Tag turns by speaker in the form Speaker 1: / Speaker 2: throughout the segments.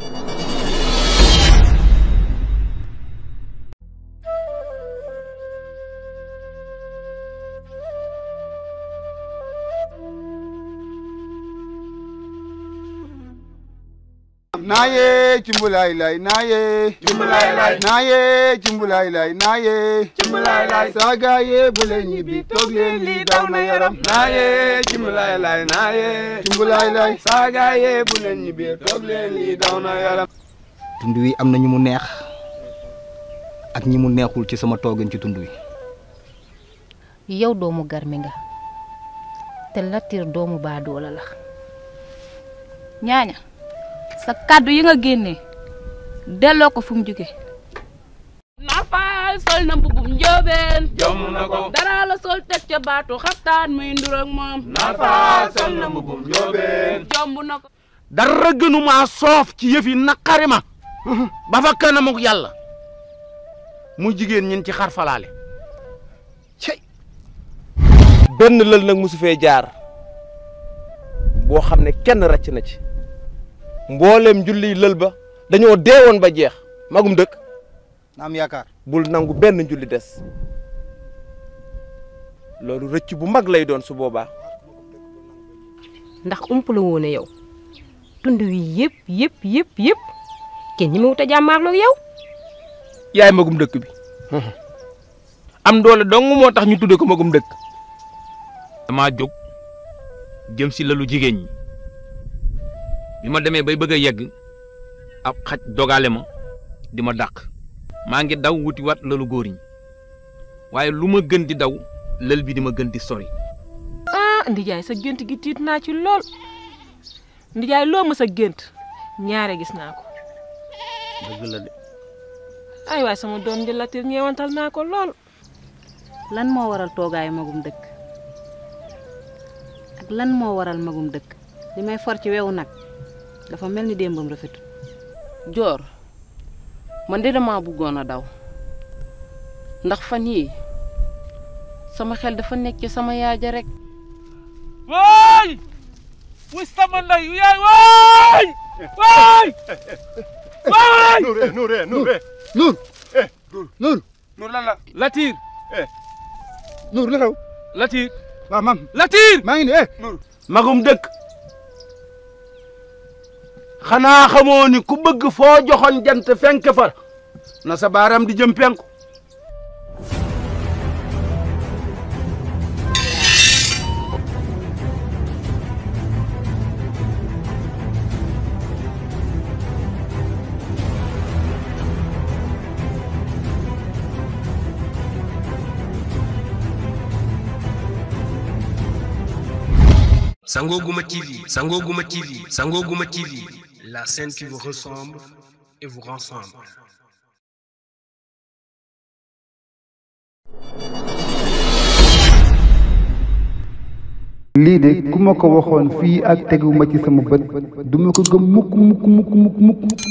Speaker 1: thank you naye lay naye lay naye cimbulay yaram naye cimbulay lay naye tund wi am nañu mu neex ak ñi mu neexul ci sama toogin ci tund wi yow doomu garmi nga te Latir doomu baadoola la sa kàddu yi nga génnee delloo ko fu mu nafaal sol na mbubum njóobeen jomm na ko dara la sol teg soof ci yëf yi naqari ma ba fa kanamuk yàlla mu jigéen ñin ci xarfalaale cey benn lël nag mosu fee jaar boo xam ne kenn ràcc na ci mbollem julli lël ba dañoo deewoon ba jeex magum dekk nam am bul nangu ben julli dess loolu recc bu mag lay doon su boba ndax umpul woone yow tund wi yep yep yep yep ken ñi mu wut jamar lo yow yaay magum dekk bi am doole dong mo tax ñu tudde ko magum dekk dama jog jëm si lalu jigéen bi ma demee bay bëgg a yegg ab xaj dogale ma di ma dàq maa ngi daw wuti wat lalu góor ñi waaye lu ma gën di daw lël bi di ma gën di sori. ah ndijaay sa gént gi tiit naa ci lool ndijaay loo ma sa gént ñaare gis naa ko. ay waay sama doom di latir ñeewantal naa ko lool. lan moo waral toogaayu magum dëkk lan moo waral magum dëkk li may for ci wewu nag. dafa mel ni démbam rafetul. joor man de damaa bëggoon a daw ndax fa nii sama xel dafa nekk sama yaaja rek. waay wis sama ndey yaay waay waay waay. Nour Nour Nour Nour. Nour. Eh, Nour lan la Latir. Eh. Nour la xew. Latir. waaw maam Latir. maa ngi nii eh. magum dëkk. xanaa xamoo ni ku bëgg foo joxoon jant fenk far na sa baaraam di jëm penku Sangoguma TV Sangoguma TV Sangoguma TV la scène qui vous ressemble et vous lii de ku ma ko waxoon fii ak teguma ci sama bët duma ko gëm mukk mukk mukk mukk mukk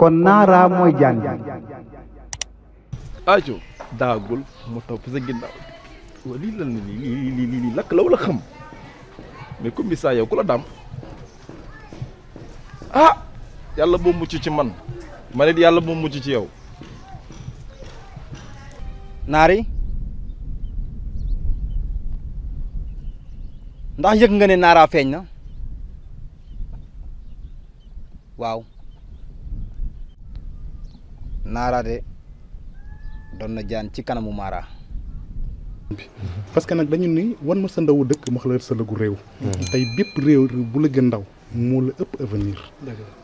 Speaker 1: kon naaraa mooy jaan ajo daagul mu topp sa ginnaaw waa lii lan lii lii lii lii lakk la xam mais comme saa yow ku la daam ah yalla bo mucc ci man ma nit yàlla boo mucc ci yow nari ndax yek nga ne nara feñ na waw nara de don na jaan ci kanamu mara parce que nak dañu ni won ma sa ndawu deuk ma la sa lagu rew tay rew bu la gën ndaw moo la ëpp avenir.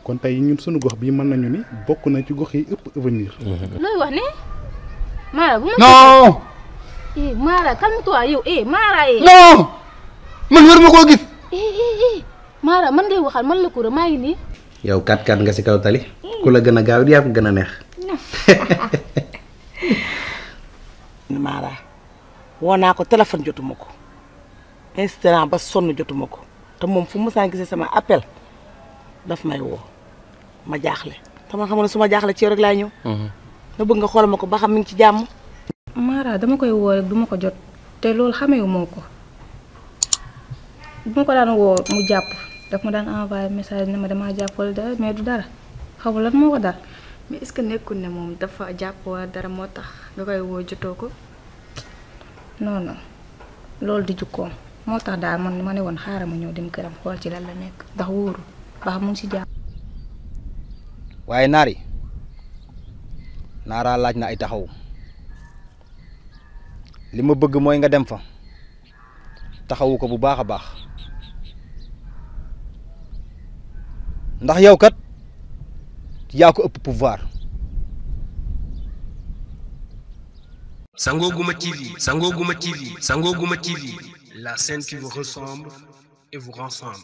Speaker 1: kon tay ñun suñu gox bi mën nañu ni bokku na ci gox yi ëpp avenir. looy wax ni Mara bu ma. non. eh Mara calme toi yow eh Mara eh. non man war mako gis. Eh, eh eh Mara man ngay waxal man la ko maa ngi ni yow kat kat nga si kaw tali. ku la gëna gaaw yaa gëna neex. Mara woo ko téléphone jotuma instant ba sonu jotumako te moom fu mu saa gisee sama appel dafa may woo ma jaaxle te man xam ne su ma jaaxle ci yow rek laay ñëw. nga mhm. bëgg nga xoolal ma ko ba xam mi ngi ci jàmm. Mara dama koy woo rek du ma ko jot te loolu xamee wu moo ko bu ma ko daan woo mu jàpp daf ma daan envoyé message ne ma damaa jàpp wala dara mais du dara xaw lan moo ko dal. mais est-ce que nekkul ne moom dafa jàpp wala dara moo tax nga koy woo jotoo ko. noonu non loolu di jukkoom. motax tax daal man mané won xaram xaaral dem këram xol ci lan la nek ndax wooru baax mu ci si waye waaye naar laaj na ay taxaw lima bëgg moy nga dem fa taxawu ko bu baaxa baax ndax yow kat ya ko upp pouvoir. Sangoguma TV Sangoguma TV Sangoguma TV. la scène qui vous ressemble et vous rassemble.